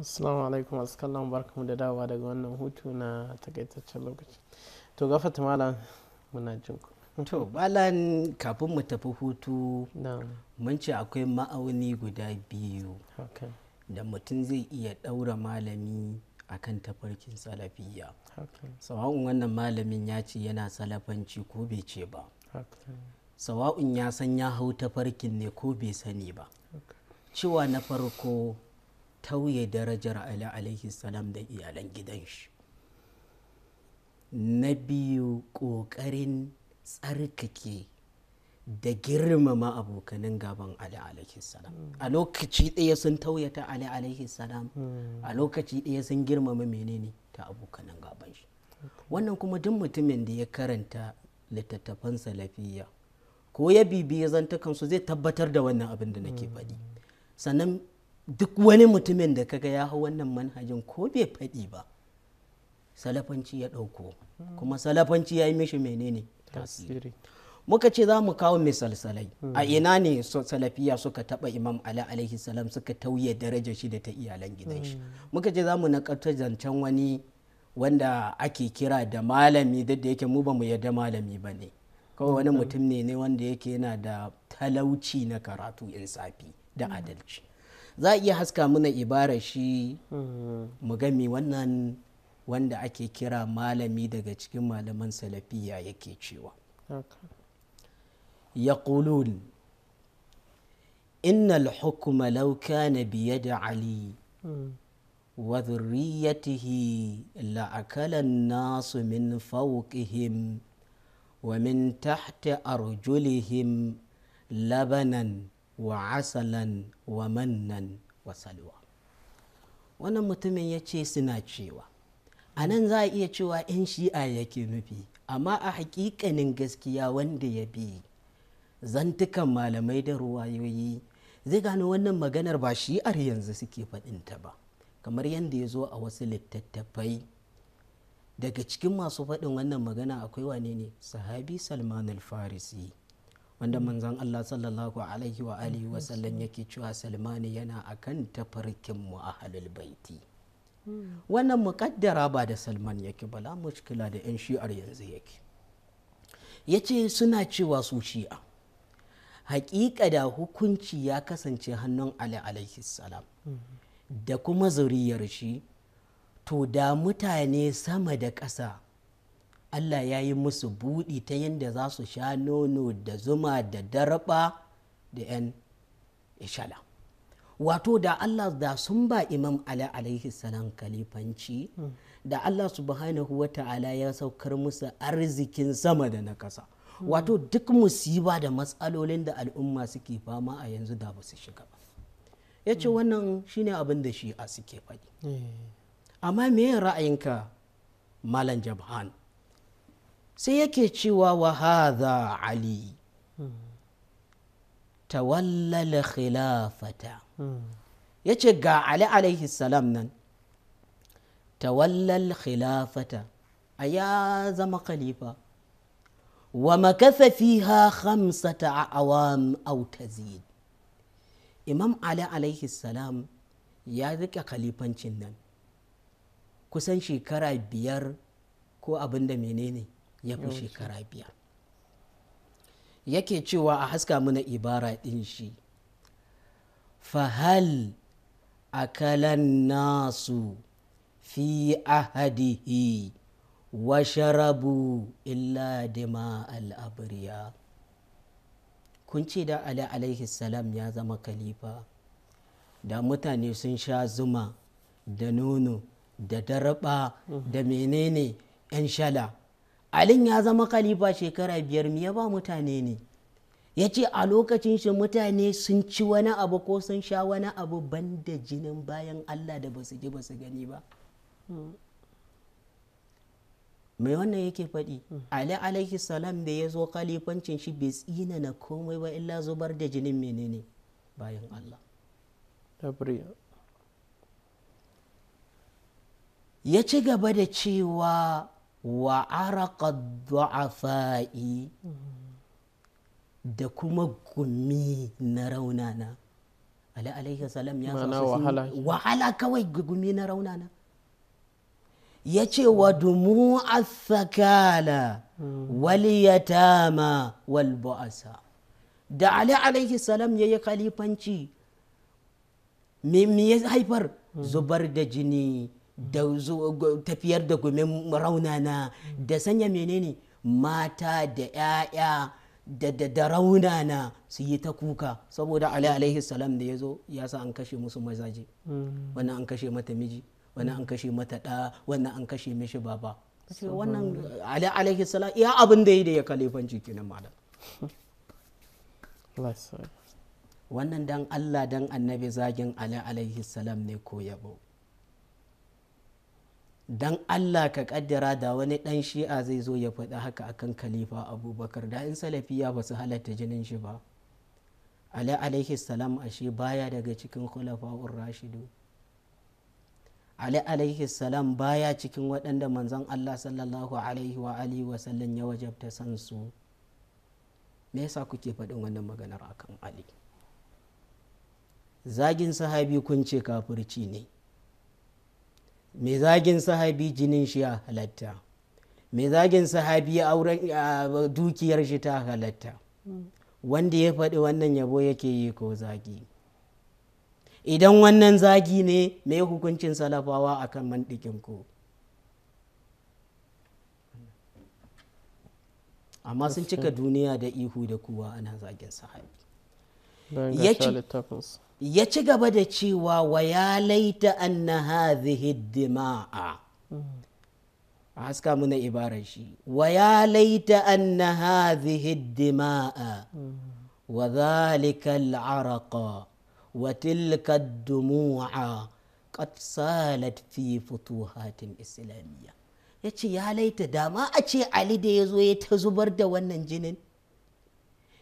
assalamu alaikum wasu kallon barkamu da dawa daga wannan hutu na takaitaccen lokaci to gafata malam muna jin ku to malam kafin mu tafi hutu mun ce akwai ma'auni guda biyu da mutum zai iya ɗaura malami akan tafarkin salafiya sawa'un wannan malamin ya ce yana salafanci ko bai ce ba sawa'un ya san ya hau tafarkin ne ko bai sani ba cewa na farko tauye darajar ali alaihi salam da iyalan gidan shi na biyu ƙoƙarin tsarkake da girmama abokanin gaban ali alaihi salam a hmm. lokaci ɗaya sun tauyata ali alaihi salam hmm. a lokaci ɗaya sun girmama menene ta abokanin gaban shi wannan kuma duk mutumin da ya karanta littattafan salafiya ko ya bibiya zantakansu zai tabbatar da wannan abin da nake hmm. faɗi sannan duk wani mutumin da kaga ya hau wannan manhajin ko bai faɗi ba salafanci ya ɗauko kuma salafanci ya yi mishi menene tasiri muka ce za mu kawo misalsalai hmm. a ina ne salafiya suka taba imam ali alaihi salam suka tauye darajar shi da ta iyalan gidan shi hmm. muka ce za mu nakarta zancen wani wanda ake kira da malami duk da yake mu ba mu yarda malami ba ne kawai wani hmm. mutum ne ne wanda yake yana da talauci na karatu insafi da adalci za a iya haska muna ibara shi hmm. mu gami wannan wanda ake kira malami daga cikin malaman salafiya yake cewa ya ƙulun innal hukuma lauka na biye da ali hmm. wa zurriyatihi la'akalan nasu min fawqihim wa min tahta arjulihim labanan wa asalan wa mannan wa salwa wannan mutumin ya ce suna cewa a nan za a iya cewa 'yan shi'a yake nufi amma a hakikanin gaskiya wanda ya bi zantukan malamai da ruwayoyi zai gano wannan maganar ba shi'ar yanzu suke faɗinta ba kamar yadda ya zo a wasu littattafai daga cikin masu faɗin wannan magana akwai wane ne sahabi salman al-farisi wanda mm. manzon Allah sallallahu alaihi wa alihi wa sallam yake cewa salmani yana akan tafarkin mu a ahlul baiti mm. wannan muƙaddara ba da salman yake bala mushkila da 'yan shi'ar yanzu yake yace suna cewa su shi'a haƙiƙa da hukunci ya kasance hannun ali alaihi salam mm. da kuma zuriyar shi to da mutane sama da ƙasa Allah ya yi musu buɗi ta yadda za su sha nono da zuma da daraba da 'yan ishala wato da Allah da sun ba imam Ali alaihi salam kalifanci da Allah subhanahu wa ta'ala ya saukar musu arzikin sama da na kasa wato duk musiba da matsalolin da al'umma suke fama a yanzu da ba su shiga ba ya ce wannan shine abin da shi a suke faɗi eh. amma me ra'ayinka malam jabhan sai yake cewa wa haza ali tawallala khilafata yace ga ali alaihi salam nan tawallal khilafata a zama khalifa wa makasa fiha khamsata a awam autazid imam ali alaihi salam ya rika khalifancin nan kusan shekara biyar ko abinda menene ya fi shekara biyar yake cewa a haska mana ibara ɗin shi fahal a akalan nasu fi ahadihi wa sharabu illa dima al'abriya kun ce da ali alaihi salam ya zama kalifa da mutane sun sha zuma da nono da daraba mm-hmm. da menene 'yan shala alin ya zama khalifa shekara biyar ya ba mutane ne ya ce a lokacin shi mutane sun ci wani abu ko sun sha wani abu banda jinin bayan allah da basu ji basu gani ba mai wannan yake faɗi ali alaihi salam da ya zo khalifancin shi bai tsina na komai ba illa zubar da jinin menene bayan allah ya ci gaba da cewa wa araka du'afa'i da kuma gumi na raunana ali alaihi salam ya sa wahala kawai gumi na raunana ya ce wa dumu asakala waliyatama walbu'asa da ali alaihi salam ya yi khalifanci me ya haifar hmm. zubar da jini da tafiyar da gumin raunana da sanya menene mata da 'ya'ya da da raunana su yi ta kuka saboda ali alaihi salam da ya zo ya sa an kashe musu mazaje hmm. wannan an kashe mata miji wannan an kashe mata ɗa wannan an kashe mishi baba wannan alaihi salam ya abin da ya da ya kalifanci kenan malam wannan dan allah dan annabi zagin ali alaihi salam ne ko yabo Don allah ka kaddara da wani ɗan shi'a zai zo ya faɗi haka akan khalifa abubakar da in salafi ya ba su halatta jinin shi ba ali alaihi salam ashe baya daga cikin khulafa'ur rashidu ali alaihi salam baya cikin waɗanda manzon allah sallallahu alaihi wa alihi wa sallam ya wajabta san su me yasa kuke faɗin wannan maganar akan ali zagin sahabi kun ce kafirci ne mai zagin sahabi jinin shi a halatta mai zagin sahabi auren dukiyar shi ta halatta wanda ya faɗi wannan yabo yake yi ko zagi idan wannan zagi ne mai hukuncin salafawa akan mandikin ku amma sun cika duniya da ihu da kuwa ana zagin sahabi ya ci gaba da cewa wa ya laita anna hadhihi dima'a a haska muna ibarar shi wa ya laita anna hadhihi dima'a wa dhalika al'araqa wa tilka dumua qad salat fi futuhatin islamiyya yace ya laita dama a ce ali da yazo ya ta zubar da wannan jinin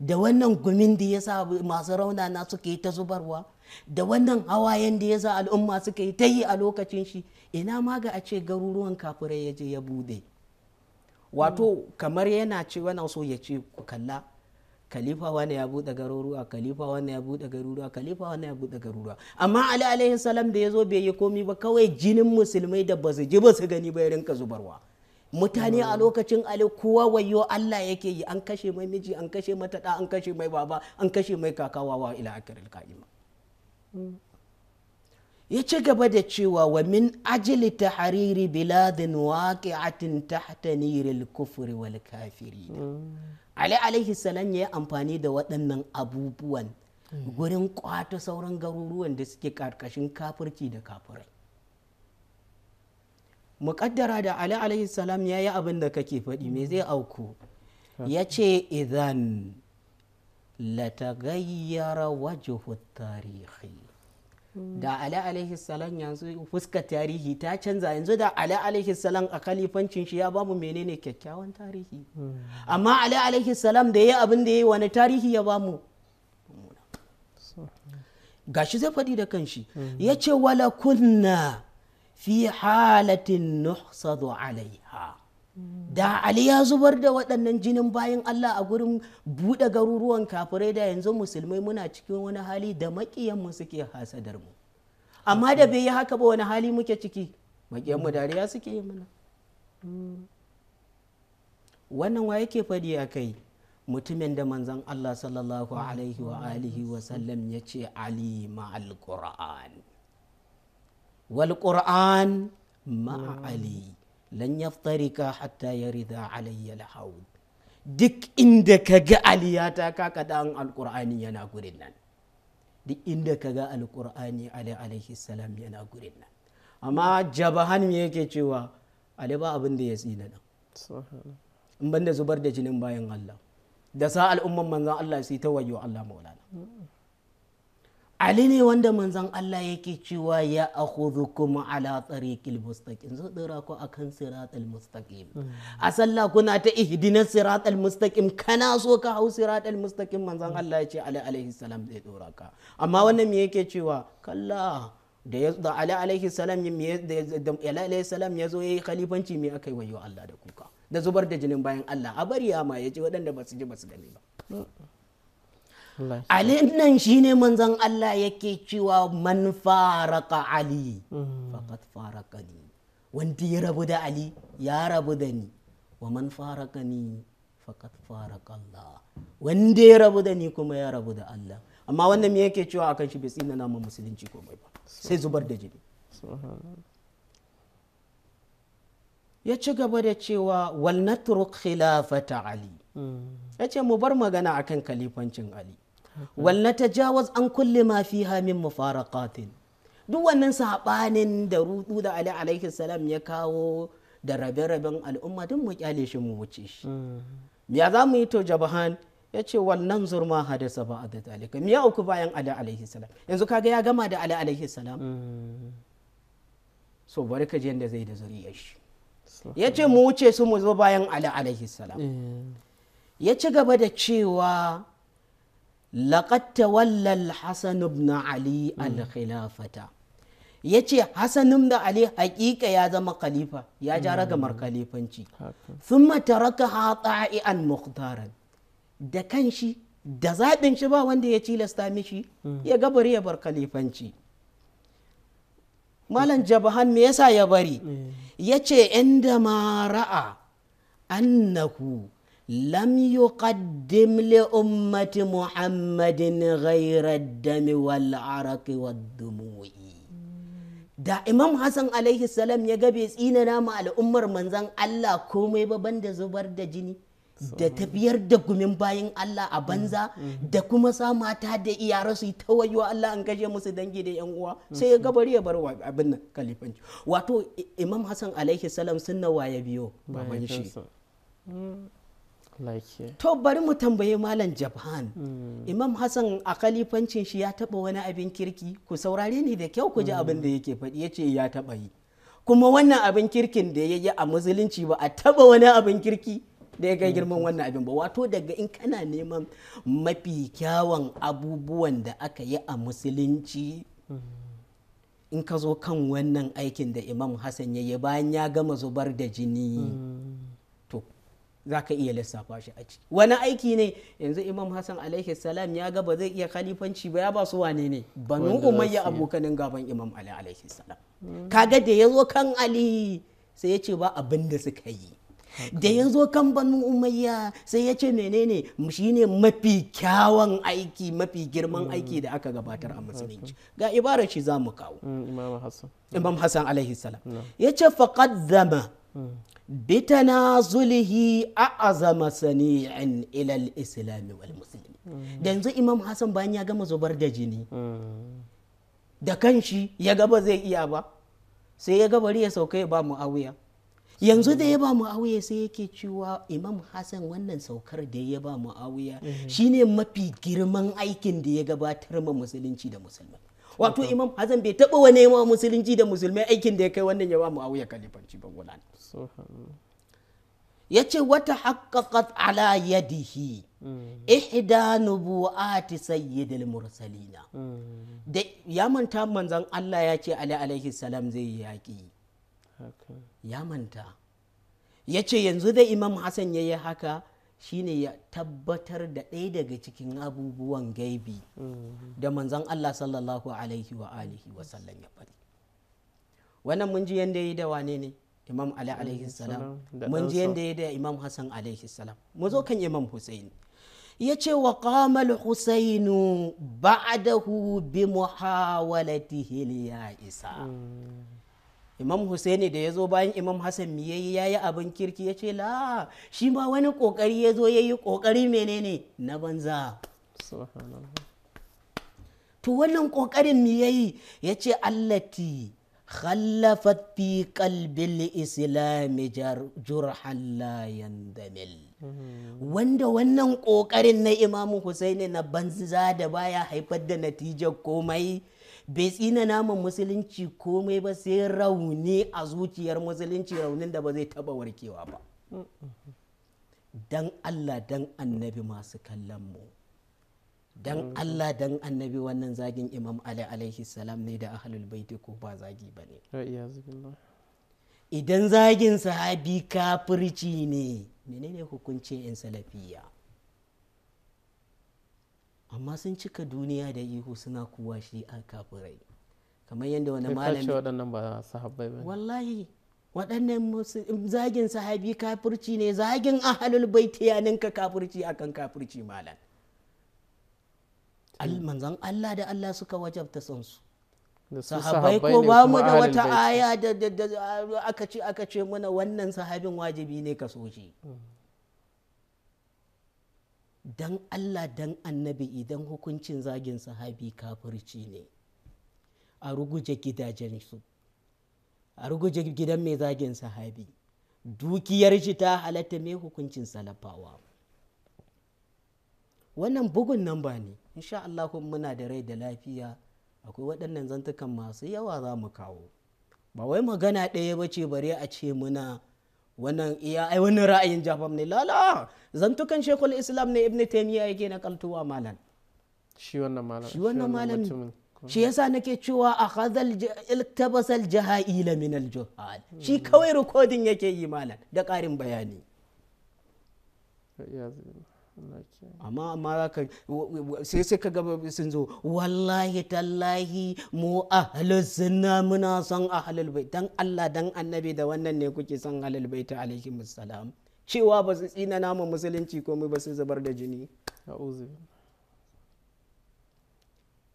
da wannan gumin da ya sa masu raunana suka yi ta zubarwa da wannan hawayen da ya sa al'umma suka yi ta yi a lokacin shi ina ma ga a ce garuruwan kafirai ya je ya bude wato kamar yana ce wannan so ya ce ku kalla khalifa wani ya bude garuruwa khalifa wani ya bude garuruwa khalifa wani ya bude garuruwa amma ali alaihi salam da ya zo bai yi komi ba kawai jinin musulmai da ba su ji ba su gani ba ya rinka zubarwa mutane a lokacin ali kowa wayo Allah yake yi an kashe mai miji an kashe mata da an kashe mai baba an kashe mai kakawa wa ila akiril ka'ima ya ci gaba da cewa wa min ajili tahriri biladin waqi'atin tahta niril kufri wal kafiri ali alaihi salam ya yi amfani da waɗannan abubuwan gurin kwato sauran garuruwan da suke karkashin kafirci da kafirai muƙaddara da ali alaihi salam ya yi abin da kake faɗi me zai auku ya ce idan latagayyara wajuhu tarihi da ali alaihi salam yanzu fuskar tarihi ta canza yanzu da ali alaihi salam a kalifancin shi ya ba mu menene kyakkyawan tarihi hmm. amma ali alaihi salam da ya yi abin da ya yi wani tarihi ya ba mu hmm. gashi zai faɗi da kanshi hmm. ya ce wala kunna fi halatin nuhsadu alaiha da ali ya zubar da waɗannan jinin bayan allah a gurin buɗe garuruwan kafirai da yanzu musulmai muna cikin wani hali da maƙiyanmu suke hasadar mu amma da bai yi haka ba wani hali muke ciki maƙiyanmu dariya suke yi mana wannan wa yake faɗi a kai mutumin da manzan allah sallallahu alaihi wa alihi wa sallam ya ce ali ma'al qur'an wal qur'an ma'a ali lan yaftarika hatta ya alayya al-hawd duk inda ka ga aliya ta kaka dan alqur'ani yana gurin nan duk inda ka ga alqur'ani ali salam yana gurin nan amma jabahan me yake cewa ali ba abin ya tsina nan in banda zubar da jinin bayan Allah da sa al'umman manzan Allah sai ta wayo Allah maulana mm. ali ne wanda manzan Allah yake cewa ya kuma ala tariqil mustaqim zai dora ku kan siratal mustaqim a sallah kuna ta ihdinas siratal mustaqim kana so ka hau siratal mustaqim manzan, Allah ya ce ali alaihi salam zai dora ka amma wannan me yake cewa kalla da ya da ali alaihi salam da ali alaihi salam ya zo yayi khalifanci me aka yi wayo Allah da kuka da zubar da jinin bayan Allah a bari ya ma ce waɗanda ba su ji ba su gani ba Ali nan shine manzon Allah yake cewa man faraka Ali faqad farakani wanda ya rabu da Ali ya rabu da ni wa man farakani faqad faraka Allah wanda ya rabu da ni kuma ya rabu da Allah amma wannan me yake cewa akan shi bai tsina nama musulunci komai ba sai zubar da jini ya ci gaba da cewa natruk khilafata ali hmm. ya ce mu bar magana akan kalifancin ali wal jawaz an kulle ma fiha min mufaraqatin duk wannan saɓanin da rudu da ali alaihi salam ya kawo da rabe-raben al'umma duk mu kyale shi mu wuce shi mm. ya za mu yi to jabahan ya ce wannan zurma hadasa ba a da talika me ya uku bayan ali alaihi salam yanzu kaga ya gama da ali alaihi salam mm. so bari ka da zai da zuriyar shi ya ce mu wuce su mu zo bayan ali alaihi salam ya ci gaba da cewa laqad tawalla al-hasan ibn ali al-khilafata yace hasan ibn ali hakika ya zama khalifa ya ja ragamar khalifanci thumma tarakaha ta'ian muqtaran da kanshi da zaɓin shi ba wanda ya cilasta mishi ya ga bari ya bar khalifanci malam jabahan me yasa ya bari yace inda ma ra'a annahu لم يقدم لأمة محمد غير الدم والعرق والدموع da imam hassan alaihi salam ya gabe tsina na ma al'ummar manzan allah komai ba da zubar da jini da tafiyar da gumin bayan allah a banza da kuma sa mata da iyara su ta wayo allah an kashe musu dangi da yan uwa sai ya gabari ya bar abin nan kalifanci wato imam hassan alaihi salam sunna ya biyo ba shi to bari mu tambaye malam japan hmm. imam hassan a kalifancin shi ya taba wani abin kirki ku saurare ni da kyau ku ji abin da hmm. yake faɗi ya ce ya taba yi kuma wannan abin kirkin da ya yi a musulunci ba a taba wani abin kirki da ya kai hmm. girman wannan abin ba wato daga in kana neman mafi kyawan abubuwan da aka yi a musulunci in ka zo kan wannan aikin da imam hassan ya yi bayan ya gama zubar da jini za ka iya lissafa shi a ciki wani aiki ne yanzu imam hassan alaihi salam ya ga ba zai iya khalifanci ba ya ba su wane ne banu umayya abokanin gaban imam ali alaihi salam kaga da ya zo kan ali sai ya ce ba abin da suka yi da ya zo kan banu umayya sai ya ce menene shi ne mafi kyawan aiki mafi girman mm. aiki da aka gabatar a musulunci ga ibarar shi za mu kawo mm, imam hassan alaihi salam ya ce faqad zama bitanazulihi a'azama sani'an ila al-islam wal da yanzu imam Hassan bayan ya gama zubar da jini da kanshi ya gaba zai iya ba sai ya gaba ya sauka ya ba muawiya yanzu da ya ba muawiya sai yake cewa imam hassan wannan saukar da ya ba muawiya shine mafi girman aikin da ya gabatar ma musulunci da musulmai wato imam hazan bai taɓa wani yawa musulunci da musulmai aikin da ya kai wannan yawa muawiya kalifanci ya ce wata haƙaƙat ala yadihi mm. ihda nubu'ati sayyidil mursalina mm. da ya manta manzan Allah ya ce ali alaihi salam zai yi yaƙi ya manta ya ce yanzu da imam hassan ya yi haka shine ya tabbatar da ɗaya daga cikin abubuwan gaibi da manzon Allah sallallahu alaihi wa alihi wa sallam ya faɗi wannan mun ji yanda yi da wane ne imam ali alaihi salam mun ji yanda ya da imam hassan alaihi salam mu zo kan imam husain ya ce wa qamal husainu ba'dahu bi muhawalatihi ya isa mm. imam husaini da ya zo bayan imam hassan mi yayi yayi abin kirki ya ce la shi ma wani kokari ya zo yayi kokari menene na banza to wannan kokarin mi yayi ya ce allati khallafat fi qalbil islami jurhan la yandamil mm-hmm. wanda wannan kokarin na Imam husaini na banza da baya haifar da natijar komai bai tsina naman musulunci komai ba sai rauni a zuciyar musulunci raunin da ba zai taba warkewa ba dan allah dan annabi masu kallon mu dan allah dan annabi wannan zagin imam ali alaihi salam ne da ahalul baiti ko ba zagi ba ne idan zagin sahabi kafirci ne menene hukuncin in salafiya amma sun cika duniya da ihu suna kuwa shi a kafirai kamar yadda wani malami waɗannan ba sahabbai ba wallahi waɗannan zagin sahabi kafirci ne zagin ahalul baiti ya ninka kafirci akan kafirci malam manzan Allah da Allah suka wajabta son su sahabbai ko ba mu da wata aya da aka ce aka ce mana wannan sahabin wajibi ne ka so shi mm. dan Allah dan annabi idan hukuncin zagin sahabi kafirci ne a ruguje gidajen su a ruguje gidan mai zagin sahabi dukiyar shi ta halatta mai hukuncin salafawa wannan bugun nan ba ne insha Allah muna da rai da lafiya akwai waɗannan zantukan masu yawa za mu kawo ba wai magana ɗaya ba ce bare a ce muna wannan iya ai wannan ra'ayin jafam ne lala zantukan shekul islam ne ibn taymiya yake na kaltuwa malam shi wannan malam shi wannan malam shi yasa nake cewa a khazal iltabasal jaha'ila min al juhal shi kawai rikodin yake yi malam da karin bayani amma amma za ka sai sai ka gaba sun zo wallahi tallahi mu ahlul sunna muna son ahlul bait dan Allah dan annabi da wannan ne kuke son ahlul bait alaihi musallam cewa ba su tsina nama musulunci komai ba su zubar da jini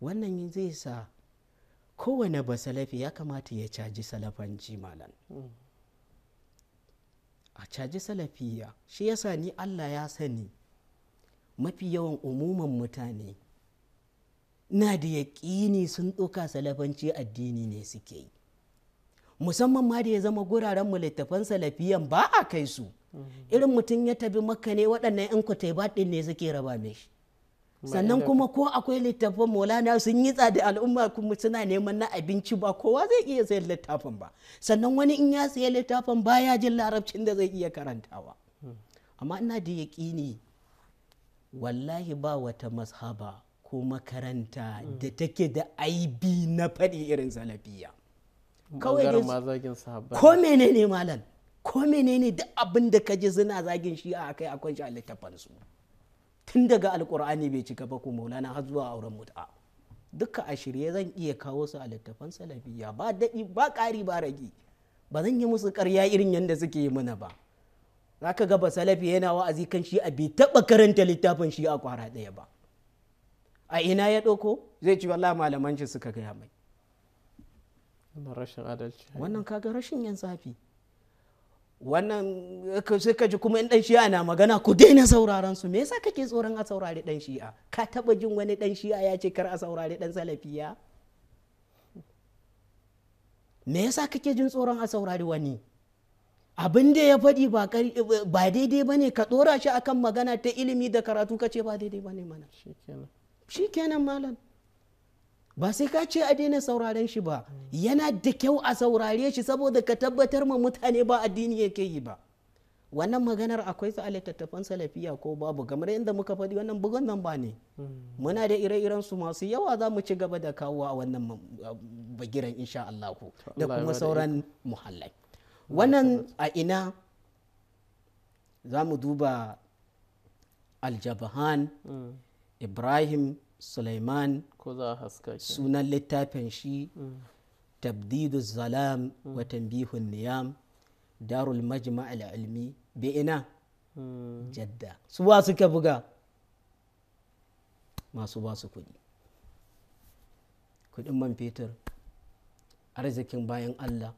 wannan zai sa kowane salafi ya kamata ya caji salafanci malam hmm. a caji salafiya shi yasa ni Allah ya sani mafi yawan umuman mutane na da yaƙini sun ɗauka salafanci addini ne suke yi musamman ma da ya zama guraren mu littafan salafiyan ba a kai su mhm. irin mutum ya tabi maka ne waɗannan 'yan kutaibat ɗin ne suke raba shi sannan kuma ko akwai littafin maulana sun yi tsada al'umma kuma suna neman na abinci ba kowa zai iya sayan littafin ba sannan wani in ya sayi littafin ya jin larabcin da zai iya karantawa hmm. amma ina da yaƙini wallahi ba wata mazhaba ko makaranta hmm. da take da aibi na faɗi irin salafiya kawai ko menene malam ko menene duk abin da ka ji suna zagin shi a kai akwai shi a littafansu tun daga alkur'ani bai cika ba ku maulana har zuwa auren mut'a duka a shirye zan iya kawo su a littafan salafiya ba daɗi ba ƙari ba ragi ba zan yi musu karya irin yadda suke yi mana ba za ka ga basalafi yana wa'azi kan shi a bai taɓa karanta littafin shi a kwara ɗaya ba a ina ya ɗauko zai ci wallah malaman shi suka gaya mai wannan kaga rashin yan zafi wannan ka ji kuma in dan shi'a na magana ku daina sauraron su me yasa kake tsoron a saurari dan shi'a ka taba jin wani dan shi'a ya ce kar a saurari dan salafiya me yasa kake jin tsoron a saurari wani abin da ya faɗi ba daidai ba ne ka ɗora shi akan magana ta ilimi da karatu ka ce ba daidai ba ne mana shi kenan malam ba sai ka ce a daina sauraren shi ba yana da kyau a saurare shi saboda ka tabbatar ma mutane ba addini yake yi ba wannan maganar akwai su a salafiya ko babu kamar yadda muka faɗi wannan bugun nan ba ne hmm. muna da ire-iren su masu yawa za mu ci gaba da kawo a wannan uh, bagiran insha Allah da kuma sauran muhallai wannan a ina za mu duba aljabahan hmm. ibrahim suleiman sunan littafin shi hmm. tabdidu zalam hmm. wa tambihun niyam darul majma al’almi bi ina jadda suwa suka buga masu ba su kudi kudin man fetur arzikin bayan allah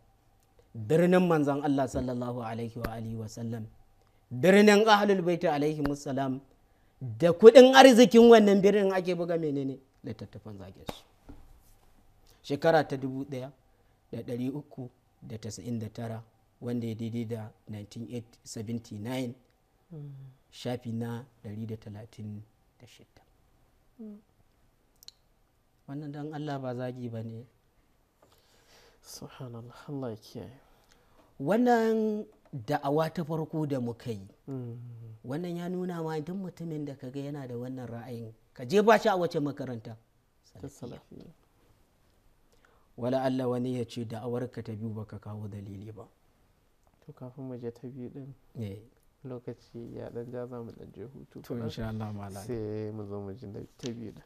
birnin manzan Allah sallallahu alaihi wa alihi wasallam birnin ahlul baiti alaihi musallam da kudin arzikin wannan birnin ake buga menene littattafan zage su shekara ta 1399 wanda ya daidai da 1979 shafi na 136 mm. wannan dan Allah ba zagi ba ne subhanallah Allah kiyaye wannan da'awa ta farko da muka yi mm. wannan ya nuna ma duk mutumin da kaga yana da wannan ra'ayin ka je ba shi a wace makaranta wala Allah wani ya ce da'awar ka ta biyu baka kawo dalili ba to kafin mu je ta biyu din eh. lokaci ya dan ja za mu dan je hutu to insha Allah malam sai mu zo mu ji ta biyu din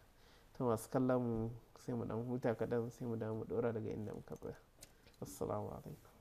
to masu kallon mu sai mu dan huta kadan sai mu dawo mu dora daga inda muka tsaya 巴塔拉瓦伊。